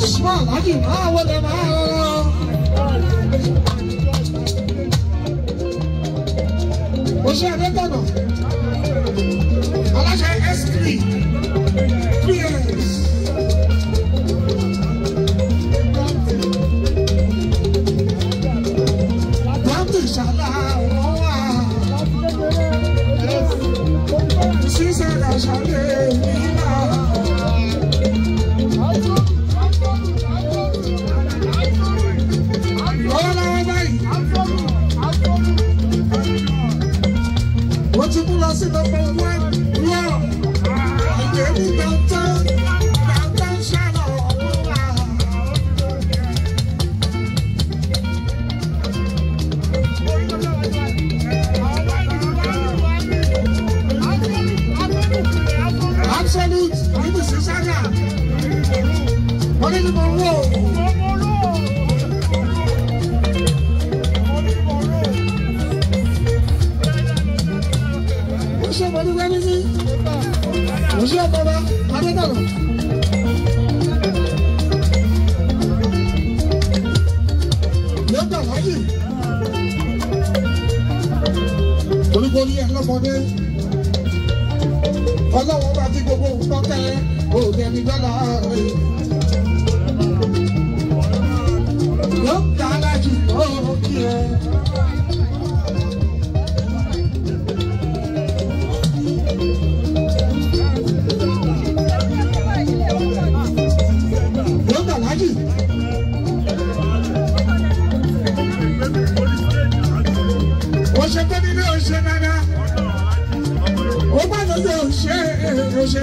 ṣùgbọ́n àlájì máa wọlé máa rọrọ. oṣù àdétọ̀nà aláṣẹ s three three years. She said I shall live. orí ẹlọ́mọdé ọlọ́wọ́ bá ti gbogbo òun tọ́kẹ́ òun ẹni dọ́là rẹ̀. ọṣẹ tó nílé ọṣẹ dáadáa ó gbọ́dọ̀ ṣe ọṣẹ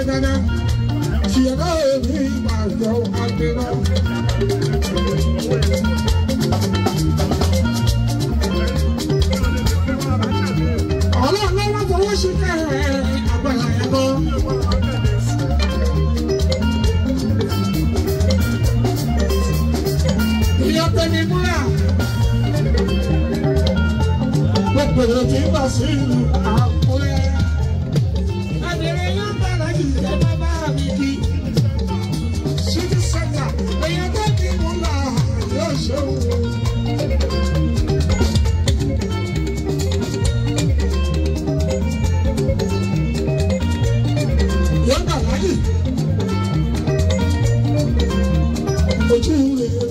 ní bàṣírù àpòyẹ. Àbẹ̀rẹ̀ yóò bára jù ṣe bàbá mi kí. Ṣíkí sọ́jà èèyàn tó kí mú là yóò ṣòwò. Yóò bàrá jù. Ojú rẹ̀.